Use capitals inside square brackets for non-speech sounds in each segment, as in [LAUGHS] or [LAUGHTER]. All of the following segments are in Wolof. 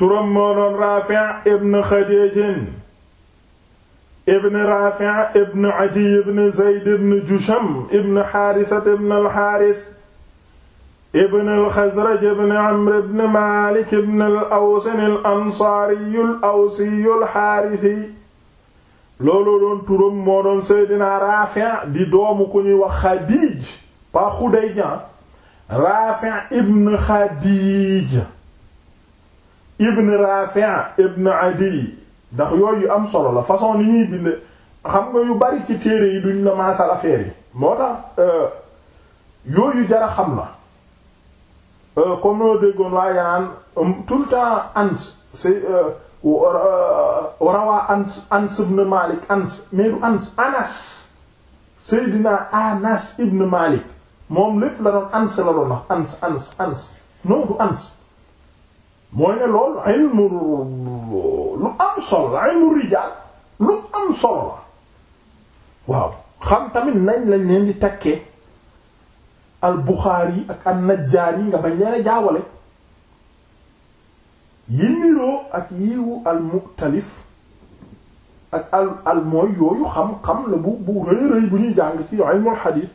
turam moo doon Raafi' ibn Xadiij ibn Raafi' ibn Adiy ibn Zayd ibn Jusham ibn Haarisat ibn al ibn al ibn Amr ibn Maalik ibn al-Aws al-Ansaari al-Awsi al-Haarisi doon turam moo doon Seydina Raafi' di doomu ku ñuy wax Xadiij pa Xudayjan Raafi' ibn Xadiij ibn Rafi' ibn Adi ndax yooyu am solo la façon ni ñuy bind xam nga yu bari ci téere yi duñ la maasal affaire yi moo tax euh, yooyu jara xam la euh, comme noo déggoon waa yanaan um, tout le temps ans c'est euh, warawaa ans Seydina Anas ibn Malik moom lépp la doon ans la doon wax ans ans ans non ans mooy ne loolu ilmu lu am la ilmu rijaal lu la waaw xam tamit nañ lañ leen di takkee al Buxaari ak Najjaari nga bañ leen a jaawale yi niroo ak yiwu al muktalif ak al al mooy yooyu xam-xam la bu bu rëy bu ñuy jàng ci ilmul xadiis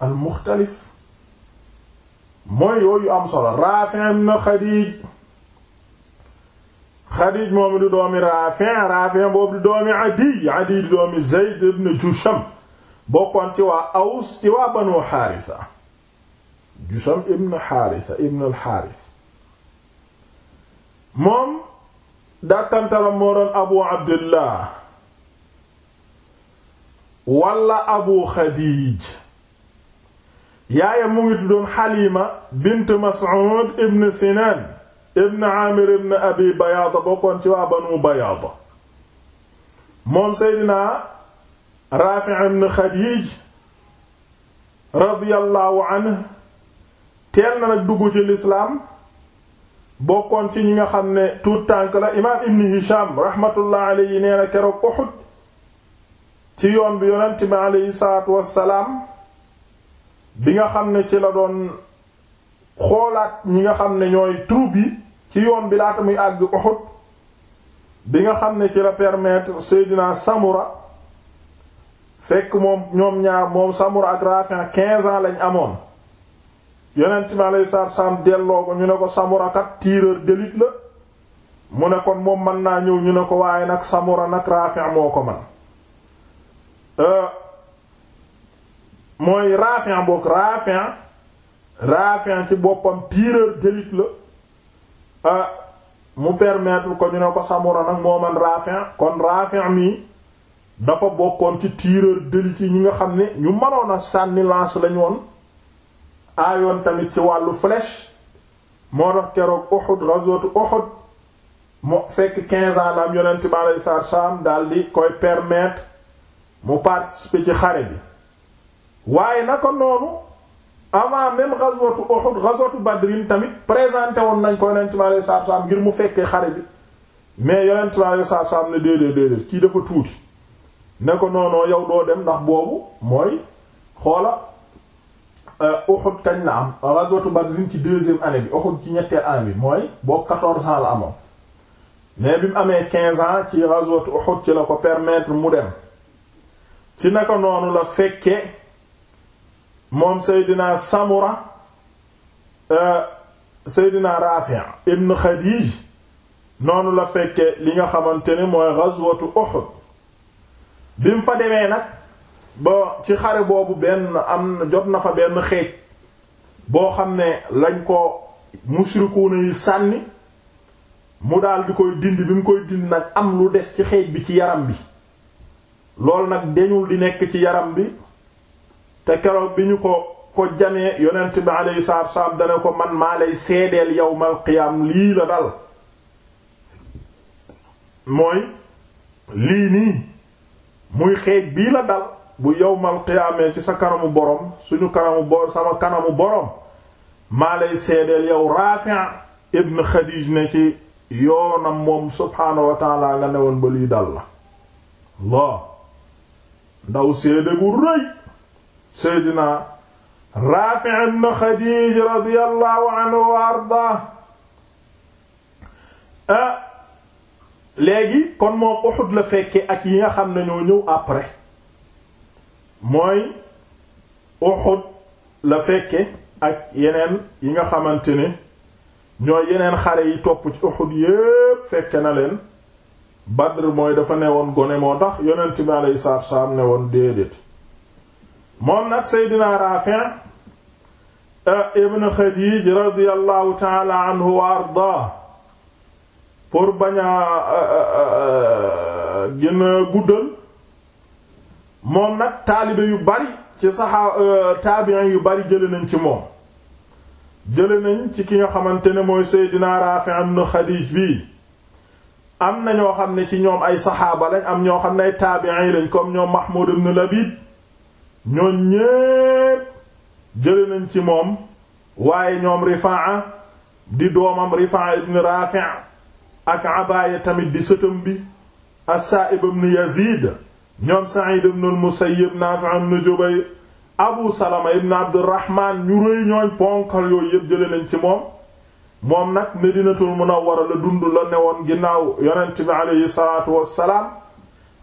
al muxtalif mooy yooyu am solo Raafi ibn Xadiij Xadiij moom di doomi Raafi Raafi boobu di doomi Adiy Adiy di doomi Zayd ibn Jusham bokkoon ci waa Aws ci waa Banu Haarisa Jusham ibn Haarisa ibn al moom dàkkantala moo doon Abu Abdillah walla Abu Xadiij yaayam mu ngi tuddoon Halima bint Mas'ud ibn Sinan ibn Amir ibn Abi Bayaada bokkoon ci waa Banu Bayaada moom Seydina Raafi' ibn Khadij radiyallahu anhu teel na nag dugg ci lislaam bokkoon ci ñi nga xam ne tuut tànk la imaam Ibn Hisham rahmatullah alayhi nee na keroog Uhud ci yoon bi yonent bi alayhi wassalaam bi nga xam ne ci la doon xoolaat ñi nga xam ne ñooy troupe yi ci yoon bi laata muy àgg Uhud bi nga xam ne ci la permettre Seydina Samura fekk moom ñoom ñaar moom Samura ak Rafin quinze ans lañ amoon yonent mi alayhi salaatu salaam delloo ko ñu ne ko Samura kat tireur d'élite la mu ne kon moom mën naa ñëw ñu ne ko waaye nag Samura nag Rafin moo ko man euh, mooy Rafi' boog Rafi' Rafi' ci boppam tireur d'élite la ah mu permettre ko ñu ne ko Samura nag moo man Rafi' kon Rafi' mi dafa bokkoon ci tireur d'élite yi ñi nga xam ni ñu mënoon a sànni lance lañu woon aayoon tamit ci wàllu flèche moo tax keroog Uhud ghazwatu Uhud mu fekk 15 ans la am yonent bi alayhi salaam daal di koy permettre mu participer ci xare bi. waaye naka noonu avant même ghazwatu Uhud ghazwatu Badrin tamit présenté woon nañ ko yonent bi alayhi salaatu salaam ngir mu fekkee xare bi mais yonent bi alayhi salaatu salaam ne déedéet déedéet kii dafa tuuti ne ko noonoo yow doo dem ndax boobu mooy xoola euh, Uhud kañ la am ghazwatu Badrin ci deuxième année bi Uhud ci ñetteel année bi mooy boo quatorze ans la amoon mais bi mu amee quinze ans ci ghazwatu Uhud ci la ko permettre mu dem ci naka noonu la fekkee moom seydinaa Samura euh, Seydina Rafi' ibn Khadij noonu la fekke li nga xamante ne mooy ghazwatu Uhud bi mu fa demee nag ba ci xare boobu benn am jot na fa benn xeej boo xam ne lañ ko mushrikuuna yi sànni mu daal di koy dindi bi mu koy dindi nag am lu des ci xeej bi ci yaram bi loolu nag deñul di nekk ci yaram bi te keroog bi ñu ko ko jamee yonent bi alayhi salaatu wassalaam dana ko man maa lay seedeel yawmal qiyaam lii la dal mooy lii nii muy xeej bii la dal bu yawmal qiyaamee ci sa kanamu borom suñu kanamu bo kanamu borom maa lay seedeel yow Raafi' ibn Khadij ne ci yoonam moom subhaanahu wa ta'aala nga newoon ba lii dal la loo ndaw seede rëy seydina Raafi ibn Xadiij radiyallahu anhu wa ardaa ah, léegi kon moom Uhud la fekke ak yi nga xam nañoo ñoo ñëw après mooy Uhud la fekke ak yeneen yi nga xamante ni ñooy yeneen xare yi topp ci Uhud yépp fekke na leen Badr mooy dafa ne woon gone moo tax yonent bi alayhi salaatu wa salaam woon déedéet moom nag Seydina Raafi' ah ibn Xadiij radiyallahu taala anhu wa ardaa pour bañ a gën a guddal moom nag taalibe yu bari ci saxaa euh, taabiin yu bari jële nañ ci moom jële nañ ci ki nga xamante ne mooy Seydina Raafi' ibn Xadiij bii am na ñoo xam ne ci ñoom ay saxaaba lañ am ñoo xam ne ay taabiin lañ comme ñoom Mahmuud ibn Labiid ñoon ñépp jële nañ ci moom waaye ñoom rifaa di doomam rifaa ibn raafi ak abaaya tamit di sëtam bi as-sa'ib ibn yazid ñoom sa'id ibn al-musayyib naafi ibn jubayr abu salama ibn abdurrahman ñu rëy ñooñ ponkal yooyu yépp jële nañ ci moom moom nag medinatul munawwara la dund la newoon ginnaaw yonent bi aleyhi salaatu wassalaam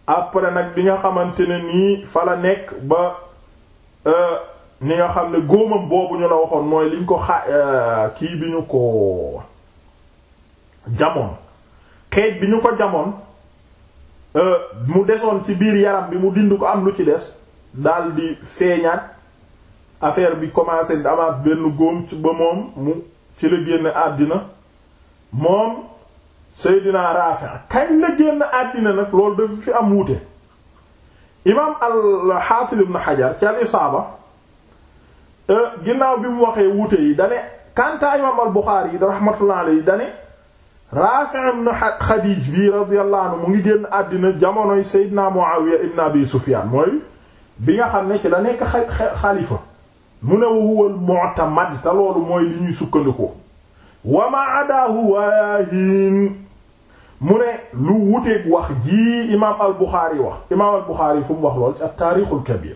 après nag bi nga xamante ne nii fala nekk ba Euh, ni nga xam ne góomam boobu ñu la waxoon mooy liñ ko xa euh, kii bi ñu ko jamoon xeej bi ñu ko jamoon euh, mu desoon ci biir yaram bi mu dind ko am lu ci des daal di feeñaat affaire bi commencé di benn góom ci ba moom mu ci la génn àddina moom Seydina Rafi' kañ la génn àddina nag loolu daf fi am wuute imaam al-Haafid ibn Hajar ci al-Isaaba euh, ginnaaw bi mu waxee wuute yi dane kanta imaam al-Buxaari yi rahmatullah alayhi dane Raafi ibn Xadiij bi radiyallahu anhu mu ngi génn àddina jamonoy Seydina Muawiya ibn Abi Sufyaan mooy bi nga xam ne ci la nekk xalifa mu ne huwa mutamad te loolu mooy li ñuy sukkandikoo wa ma adaahu waahin mu ne lu wuteeg wax jii imaam al Bukhari wax imaam al Bukhari wax lool ci ak taarixul kabir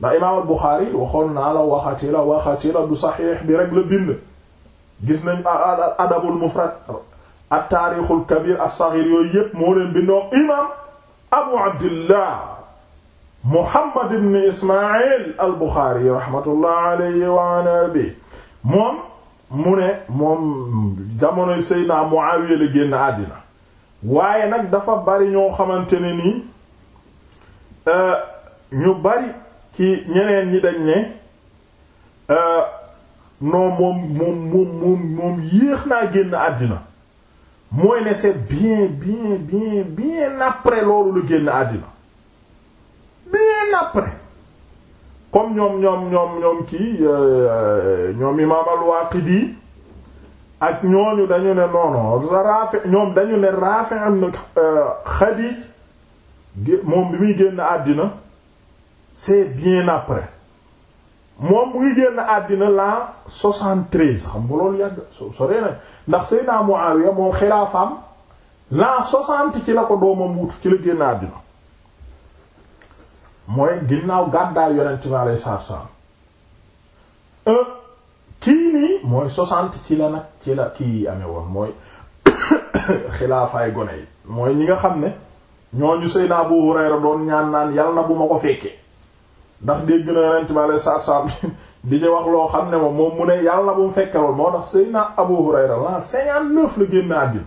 ndax imaam al Bukhari waxoon naa la waxati la waxati la du saxiix bi rek la bind. nañ adabul mufrad ak taarixul kabir ak saxiir yooyu yépp moo leen bindoo imaam Abu Abdillah mu ne moom jamonoy Seydina Muawiya la génn àddina. waaye nag dafa bari ñoo xamante ne nii euh, ñu bari ci ñeneen ñi dañ ne euh, non moom moom moom moom moom yéex naa génn àddina mooy ne c'est bien bien bien bien après loolu la génn àddina bien après comme ñoom ñoom ñoom ñoom kii euh, ñoom imaam al-Waaqidi ak ñooñu dañu ne noono Raafi ñoom dañu ne Raafi ibn Khadij euh, moom bi muy génn àddina c'est bien après moom mu ngi génn àddina la 73 xam nga loolu yàgg sore na ndax Seydina Muawiya moom xilaafaam la 60 ci la ko doomam wutu ci la génn àddina mooy ginnaaw gàddaay yonent bi alayhi salaatu wa salaam euh, kii nii mooy soixante ci la nag ci la kii amee woon mooy [COUGHS] xilaafaay gone yi mooy ñi nga xam ne ñooñu Seydina Abu Hurayra doon ñaan naan yal na bu ma ko fekkee ndax dégg na Yonent bi sallallahu alayhi [LAUGHS] di ci wax loo xam ne moom moom mu ne yàlla bu mu fekkee woon moo tax Seydina Abu Hurayra l'an cinquante-neuf la génn àddina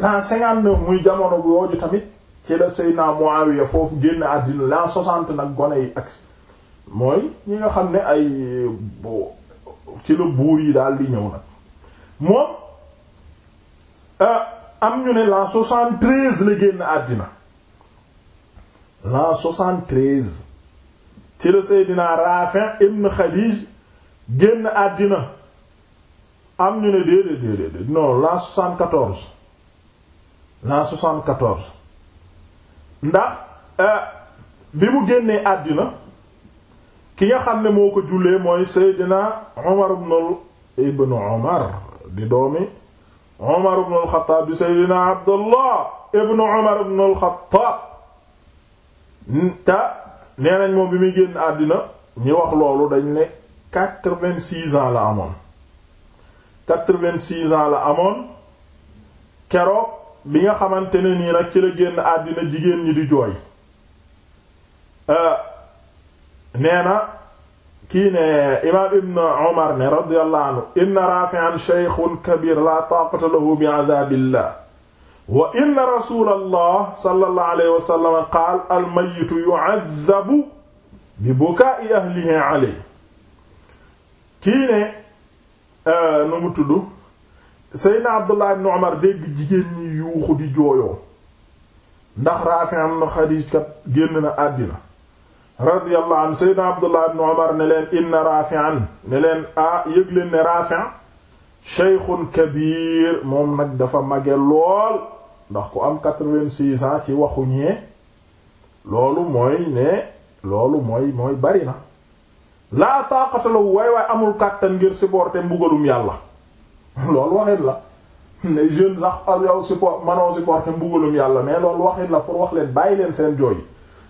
l'an cinquante-neuf muy jamono bu yooju tamit ci la Seydina Muawiya foofu génn àddina la soixante nag gone yi ak mooy ñi nga xam ne ay bo ci la buur yi daal di ñëw nag moom euh, am ñu ne l'an soixante-treize la génn àddina l'an soixante-treize ci la Seydina Rafi ibn Khadij génn àddina am ñu ne déedéet déedéet non l'an soixante-quatorze l'an soixante-quatorze ndax euh, bi mu génnee àddina ki nga xam ne moo ko jullee mooy Seydina Omar ibnul ibn Omar di doomi Omar ibnul Xattaab di Seydina Abdullah ibn Omar ibnul Xattaab ta nee nañ moom bi muy génn àddina ñi wax loolu dañ ne quatre-vingt-six ans la amoon quatre-vingt-six ans la amoon keroog bi nga xamante ne nii nag ci la génn àddina jigéen ñi di jooy. Euh, nee na kii ne imaam ibn Umar ne radiyallahu anhu inna Raafi'an shaykhun kabir la taaqata lahu bi'adaabillah wa inna rasulallah sallallahu alayhi wa sallam qaala al-mayyitu yu'adhabu bi bukaa'i ahlihi alayhi kii ne euh, nu mu tudd Seydina Abdullah ibn Umar dégg jigéen ñi yuuxu di jooyoo ndax Raafi' ibn Xadiij kat génn na àddina radiyallahu anhu seydna abdullah ibn umar ne leen inna rafi'an ne leen a yëg leen ne rafi' sheykhun kabir moom nag dafa mage lool ndax ku am quatre-vingt-six ci waxu ñee loolu mooy ne loolu mooy mooy bari na laa taaqata lahu waay waay amul kàttan ngir supporter mbugalum yàlla [LAUGHS] loolu waxit la [LAUGHS] ne jeune sax ah, yow support manoo supporter mbugalum yàlla mais loolu waxit la pour wax leen bàyyi leen seen jooy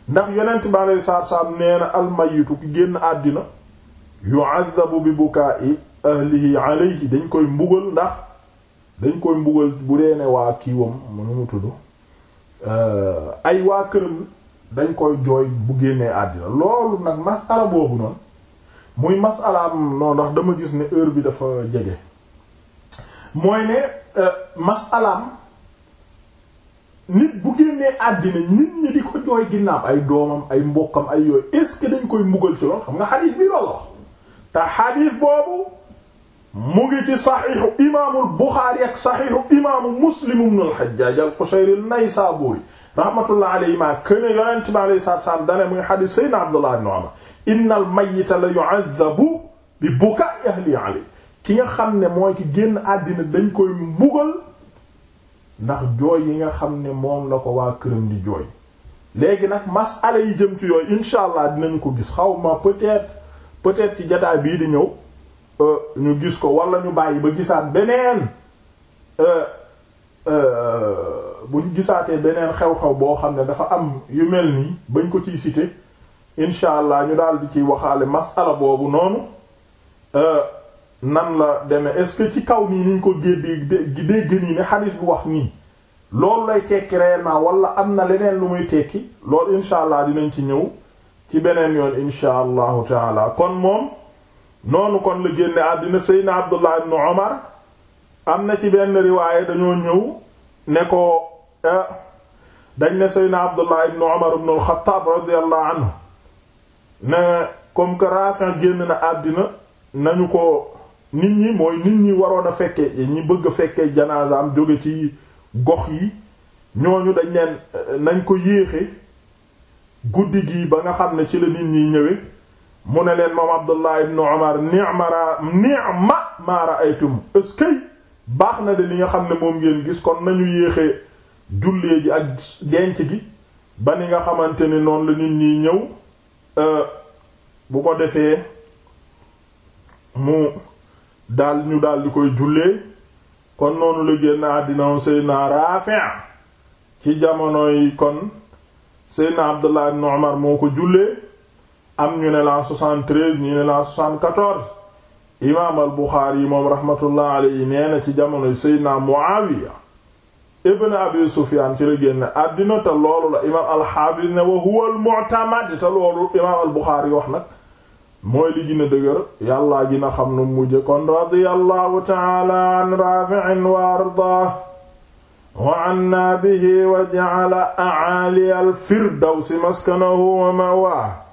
ndax yonent bi aleyhi salaatu salaam nee almayitu ki génn àddina yu'azzabu bi bukaa'i ahlihi alayhi dañ koy mbugal ndax dañ koy mbugal bu dee ne waa kiiwam mënu mu tudd eh, ay waa këram dañ koy jooy bu génnee àddina loolu nag masala boobu noonu muy masalaam noonu ndax dama gis ne heure bi dafa jege mooy ne eh, masalaam nit bu génnee àddina nit ñi di ko jooy ginnaaw ay doomam ay mbokkam ay yooyu est-ce que dañ koy mbugal ci lool xam nga xadiis bi loolu wax te boobu mu ngi ci saxiixu imaamul Buxaari ak saxiixu imaamu Muslim ibn al-Hajjaaj al-Qushayri an-Naysaburi rahmatullah alayhima kuene yonent bi alayhi salaatu salaam dane mu ngi xadiis sayyidina Abdullah ibn Umar innal mayyita la yu'azzabu bi bukaa'i ahlihi alayhi ki nga xam ne mooy ki génn àddina dañ koy mbugal ndax jooy yi nga xam ne moom la ko waa këram di jooy léegi nag masala yi jëm ci yooyu incha allah dinañ ko gis xaw ma peut-être peut-être ci jotaay bii di ñëw euh, ñu gis ko wala ñu bàyyi ba gisaat beneen euh, euh, bu ñu gisaatee beneen xew-xew boo xam ne dafa am yu mel nii bañ ko ciy cité incha allah ñu daal di ciy waxaale masala boobu noonu. nan la demee est ci kaw nii niñ ko géddi dégg nii ne xadiis bu wax nii loolu lay tekki réellement wala am na leneen lu muy tekki lool incha allah dinañ ci ñëw ci beneen yoon incha allahu taala kon moom noonu kon la génne àddina seydna abdullah ibn omar am na ci benn dañoo ñëw ne ko eh, dañ ne seydna abdullah ibn omar ibn anhu ne comme que Rafi génn na àddina nañu ko nit ñi mooy nit ñi waroon a fekkee ñi bëgg a fekkee am jóge ci gox yi ñooñu dañ leen nañ ko yéexe guddi gi ba nga xam ne ci la nit ñi ñëwee mu ne leen moom Abdullah ibn Umar ni'mara ni'ma ma ra'aytum eskay baax na de li nga xam ne moom ngeen gis kon nañu yéexe jullee ji ak denc gi ba ni nga xamante ne noonu la nit ñi ñëw euh, bu ko defee mu daal ñu daal di koy jullee kon noonu la génn àddina seydna Raafi' ci jamonoy kon seydna Abdullah ibn Umar moo ko jullee am ñu ne la ñu ne la imaam al Buxaari yi moom rahmatullah alayhi nee na ci jamonoy seydna Muawiya ibn Abi Sufyaan ci la génn àddina te loolu la imaam al Xaafiz ne wa huwa al mu'tamad te loolu imaam al Buxaari wax nag mooy li gën a dëgër yàllaa gën a xam nu mujje kon radiyallahu ta'ala an rafi'in wa ardaah wa anna bihi wa ja'ala a'ali al-firdawsi maskanahu wa ma'waahu